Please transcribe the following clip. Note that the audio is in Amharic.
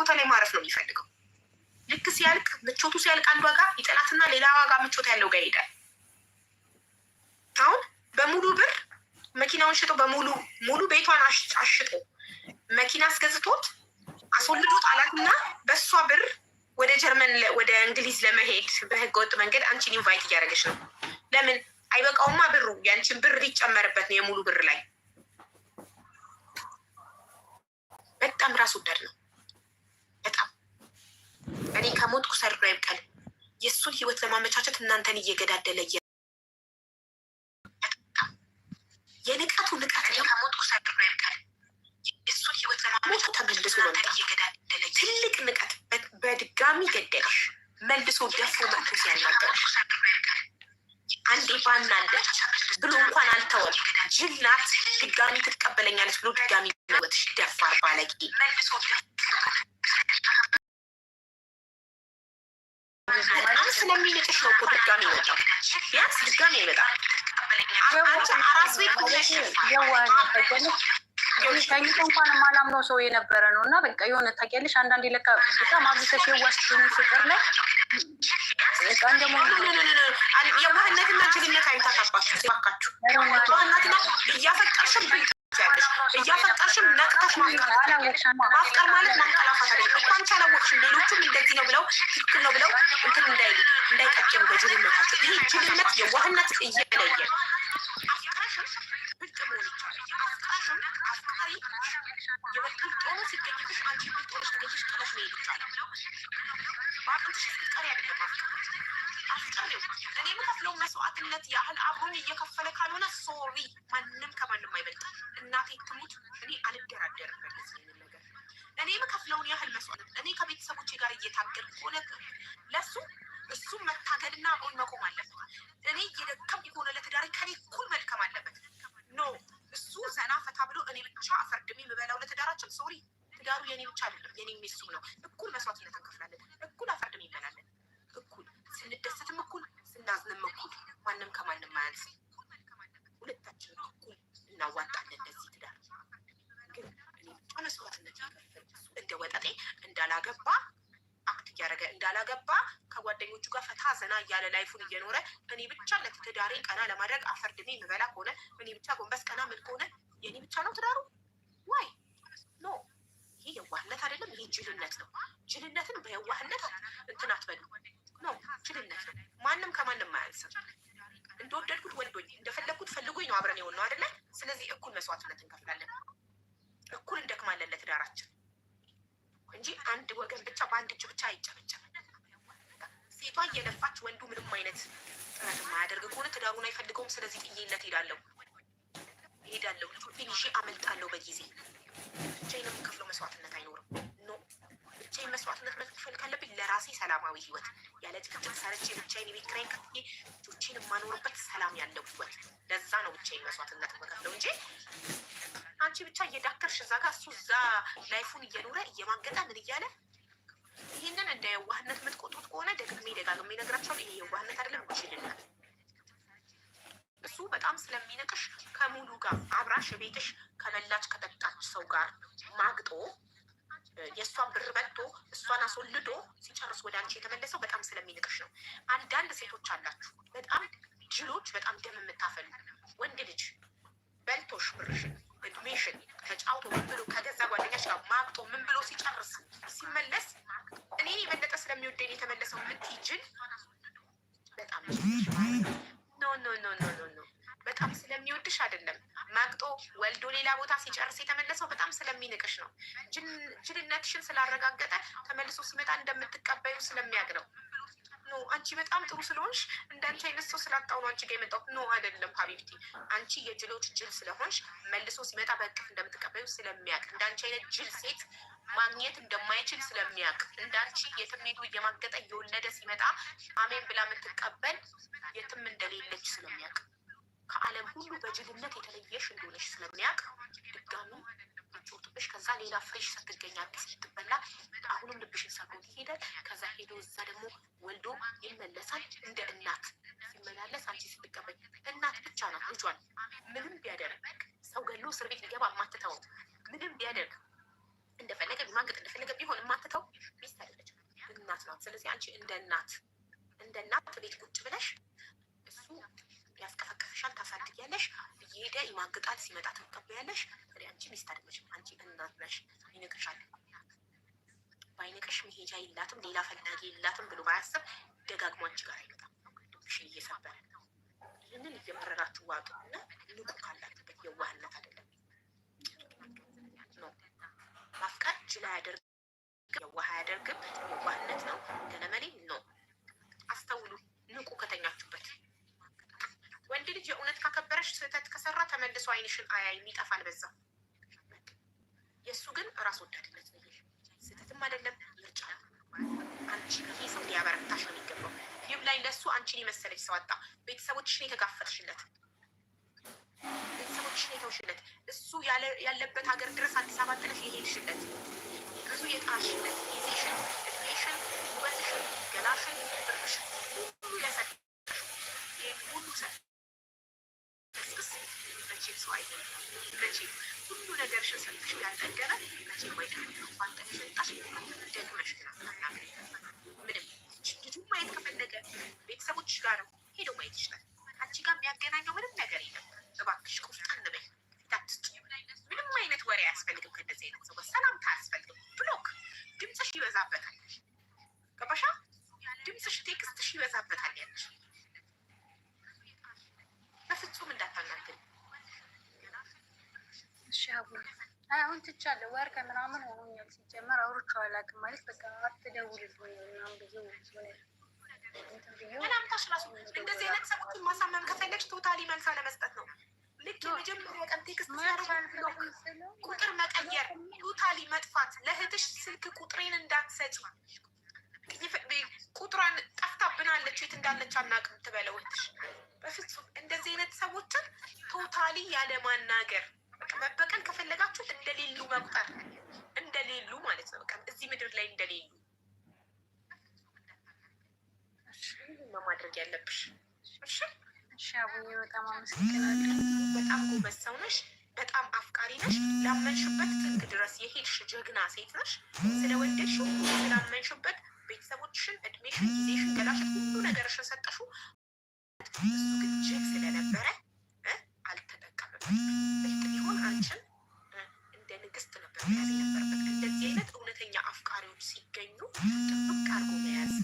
ቦታ ላይ ማረፍ ነው የሚፈልገው። ልክ ሲያልቅ ምቾቱ ሲያልቅ አንዷ ዋጋ ይጠላትና ሌላ ዋጋ ምቾት ያለው ጋር ይሄዳል። አሁን በሙሉ ብር መኪናውን ሽጦ በሙሉ ሙሉ ቤቷን አሽጦ መኪና አስገዝቶት አስወልዶ ጣላትና በእሷ ብር ወደ ጀርመን ወደ እንግሊዝ ለመሄድ በህገወጥ መንገድ አንቺን ኢንቫይት እያደረገች ነው። ለምን አይበቃውማ ብሩ ያንቺን ብር ሊጨመርበት ነው የሙሉ ብር ላይ በጣም ራስ ወዳድ ነው። እኔ ከሞትኩ ሰርዶ አይብቀል። የእሱን ህይወት ለማመቻቸት እናንተን እየገዳደለ የ የንቃቱ ንቃት ከሞትኩ ሰርዶ አይብቀል። የእሱን ህይወት ለማመቻቸት ተመልሶ እናንተን እየገዳደለ ትልቅ ንቀት በድጋሚ ገደለሽ መልሶ ደፎ መኩስ ያናገረሽ አንዴ ባናለች ብሎ እንኳን አልተወም። ጅላት ድጋሚ ትቀበለኛለች ብሎ ድጋሚ ህይወትሽ ደፋር ባለጌ ማለት ስለሚነጥሽ ነው እኮ ድጋሚ ይመጣል። ቢያንስ ድጋሚ ይመጣል። ተኝቶ እንኳን የማላምነው ሰው የነበረ ነው እና በቃ የሆነ ታውቂያለሽ፣ አንዳንዴ ለካ በጣም አብዝተሽ የዋሽ ፍቅር ላይ የዋህነትና ጅልነት አይነት አታባችሁ ዋህነትና እያፈቀርሽም ታውቂያለሽ። እያፈቀርሽም ነቅተሽ ማፍቀር ማለት ማንቀላፋት አለ። እንኳን ቻላወቅሽም ሌሎቹም እንደዚህ ነው ብለው ትክክል ነው ብለው እንትን እንዳይቀጭም በጅልነታቸው ይህ ጅልነት የዋህነት እየለየ እኔ አልደራደርም በዚህ ነገር እኔ የምከፍለውን ያህል መስዋዕት እኔ ከቤተሰቦቼ ጋር እየታገልኩ ሆነ ለሱ እሱም መታገልና ቆይ መቆም አለበት። እኔ እየደከም የሆነ ለትዳሬ ከኔ እኩል መልከም አለበት። ኖ እሱ ዘና ፈታ ብሎ እኔ ብቻ አፈርድሜ የምበላው ለትዳራችን ሶሪ፣ ትዳሩ የኔ ብቻ አይደለም የኔ የሚሱም ነው። እኩል መስዋዕትነት እንከፍላለን። ከጓደኞቹ ጋር ፈታ ዘና እያለ ላይፉን እየኖረ እኔ ብቻ ለትዳሬ ቀና ለማድረግ አፈርድሜ የምበላ ከሆነ እኔ ብቻ ጎንበስ ቀና ምን ከሆነ የኔ ብቻ ነው ትዳሩ ዋይ ኖ ይሄ የዋህነት አይደለም። ይሄ ጅልነት ነው። ጅልነትን በየዋህነት እንትን አትበሉ። ኖ ጅልነት ነው። ማንም ከማንም አያንስም። እንደወደድኩት ወልዶኝ እንደፈለግኩት ፈልጎኝ ነው አብረን የሆን ነው አይደለ? ስለዚህ እኩል መስዋዕትነት እንከፍላለን፣ እኩል እንደክማለን ለትዳራችን እንጂ አንድ ወገን ብቻ በአንድ እጅ ብቻ አይጨበጨብም። ሴቷ እየለፋች ወንዱ ምንም አይነት ጥረት የማያደርግ ከሆነ ትዳሩን አይፈልገውም። ስለዚህ ጥዬለት ሄዳለሁ ሄዳለሁ ልጆቼን ይዤ አመልጣለሁ። በጊዜ ብቻዬን የምከፍለው መስዋዕትነት አይኖርም። ኖ ብቻዬን መስዋዕትነት መክፈል ካለብኝ ለራሴ ሰላማዊ ህይወት ያለ ጭቅጭቅ ሰርቼ ብቻዬን የቤት ኪራይን ከፍዬ ልጆቼን የማኖርበት ሰላም ያለው ህይወት። ለዛ ነው ብቻዬን መስዋዕትነት መከፍለው እንጂ አንቺ ብቻ እየዳከርሽ እዛ ጋር እሱ እዛ ላይፉን እየኖረ እየማገጠ ምን እያለ ይህንን እንደ የዋህነት የምትቆጥሩት ከሆነ ደግሜ ደጋግሜ ነግራቸውን ይሄ የዋህነት አይደለም፣ ውሽልናል። እሱ በጣም ስለሚንቅሽ ከሙሉ ጋር አብራሽ ቤትሽ ከበላች ከጠጣች ሰው ጋር ማግጦ የእሷን ብር በልቶ እሷን አስወልዶ ሲጨርስ ወደ አንቺ የተመለሰው በጣም ስለሚንቅሽ ነው። አንዳንድ ሴቶች አላችሁ፣ በጣም ጅሎች፣ በጣም ደም የምታፈሉ ወንድ ልጅ ስለሚወድሽ አይደለም። ማግጦ ወልዶ ሌላ ቦታ ሲጨርስ የተመለሰው በጣም ስለሚንቅሽ ነው። ጅልነትሽን ስላረጋገጠ ተመልሶ ሲመጣ እንደምትቀበዩ ስለሚያውቅ ነው። ኖ አንቺ በጣም ጥሩ ስለሆንሽ እንዳንቺ አይነት ሰው ስላጣው ነው አንቺ ጋር የመጣው። ኖ አይደለም ሀቢብቲ፣ አንቺ የጅሎች ጅል ስለሆንሽ መልሶ ሲመጣ በእቅፍ እንደምትቀበዩ ስለሚያውቅ እንዳንቺ አይነት ጅል ሴት ማግኘት እንደማይችል ስለሚያውቅ እንዳንቺ የትም ሄዶ እየማገጠ እየወለደ ሲመጣ አሜን ብላ የምትቀበል የትም እንደሌለች ስለሚያውቅ ከዓለም ሁሉ በጅልነት የተለየሽ እንደሆነሽ ስለሚያውቅ ድጋሚ ጮትብሽ ከዛ ሌላ ፍሬሽ ስትገኝ አዲስ ስትበላ አሁንም ልብሽን ሰብሮት ይሄዳል። ከዛ ሄዶ እዛ ደግሞ ወልዶ ይመለሳል። እንደ እናት ሲመላለስ አንቺ ስትቀበል እናት ብቻ ናት። ልጇን ምንም ቢያደርግ ሰው ገሎ እስር ቤት ሊገባ ማትተው ምንም ቢያደርግ እንደፈለገ ቢማግጥ እንደፈለገ ቢሆን ማትተው ሚስት አይደለች፣ እናት ናት። ስለዚህ አንቺ እንደ እናት እንደ እናት ቤት ቁጭ ብለሽ እሱ ያስቀፈ ላይ ማግጣት ሲመጣ ትቀበያለሽ። ታዲያ አንቺ ሚስት አይደለሽም፣ አንቺ እናት ነሽ። ይንቅሻል። ባይንቅሽ መሄጃ የላትም ሌላ ፈላጊ የላትም ብሎ ባያስብ ደጋግሞ አንቺ ጋር አይመጣም። ሽ እየሰበረ ይህንን እየመረራችሁ ዋጡ እና ንቁ። ካላችሁበት የዋህነት አይደለም ማፍቃት ችላ ያደርግ የዋህ አያደርግም። የዋህነት ነው ገለመሌ ነው። ብለሽ ስህተት ከሰራ ተመልሶ አይንሽን አያይም፣ ይጠፋል በዛ። የእሱ ግን ራስ ወዳድነት ነው። ስህተትም አይደለም ምርጫ። አንቺ ይሄ ሰው ሊያበረታሽ ነው የሚገባው። ይህም ላይ ለእሱ አንቺን የመሰለች ሰው አጣ። ቤተሰቦችሽን የተጋፈጥሽለት፣ ቤተሰቦችሽን የተውሽለት፣ እሱ ያለበት ሀገር ድረስ አዲስ አበባ ጥለሽ የሄድሽለት፣ ብዙ የጣሽለት ጊዜሽን፣ እድሜሽን፣ ውበትሽን፣ ገላሽን፣ ብርሽን ሁሉ ለሰ ሰው አይደለም። መቼ ሁሉ ነገር ሽንሰልሽ ጋር መቼ ወይ አንተ ሰጣሽ ደግመሽ ግራ አናገኝ ምንም ልጁ ማየት ከፈለገ ቤተሰቦችሽ ጋር ሄዶ ማየት ይችላል። አንቺ ጋር የሚያገናኘው ምንም ነገር የለም። እባክሽ ቆፍጠን በይ። ምንም አይነት ወሬ አያስፈልግም። ከእንደዚህ አይነት ሰው ሰላምታ አያስፈልግም። ብሎክ ድምፅሽ ይበዛበታል። ገባሻ? ድምፅሽ ቴክስትሽ ይበዛበታል ያለሽ ትቻለሁ። ወር ከምናምን ሆኖኛል። ሲጀመር አውርቼው አላውቅም ማለት በቃ አትደውልልኝ ምናምን ብዬ ምናምታሽ ራሱ እንደዚህ አይነት ሰዎችን ማሳመን ከፈለግሽ ቶታሊ መልሳ ለመስጠት ነው። ልክ የመጀመሪያ ቀን ቴክስት ቁጥር መቀየር፣ ቶታሊ መጥፋት፣ ለእህትሽ ስልክ ቁጥሬን ቁጥሯን ጠፍታብናለች የት እንዳለች አናውቅም ትበለው በፍጹም እንደዚህ አይነት ሰዎችን ቶታሊ ያለማናገር በቃ መበቀል ከፈለጋችሁት እንደሌሉ መቁጠር እንደሌሉ ማለት ነው። በቃ እዚህ ምድር ላይ እንደሌሉ ማድረግ ያለብሽ በጣም አመሰግናለሁ። በጣም ጎበዝ ሰው ነሽ። በጣም አፍቃሪ ነሽ። ላመንሽበት ጥግ ድረስ የሄድሽ ጀግና ሴት ነሽ። ስለወደድሽው ስላመንሽበት ቤተሰቦችሽን፣ እድሜሽን፣ ጊዜሽን፣ ገላሽን ሁሉ ነገርሽን ሰጠሽው። እሱ ግን ጅል ስለነበረ ቢሆን አንቺን እንደ ንግስት ነበር መያዝ የነበረበት። እንደዚህ አይነት እውነተኛ አፍቃሪዎች ሲገኙ ጥብቅ አድርጎ መያዝ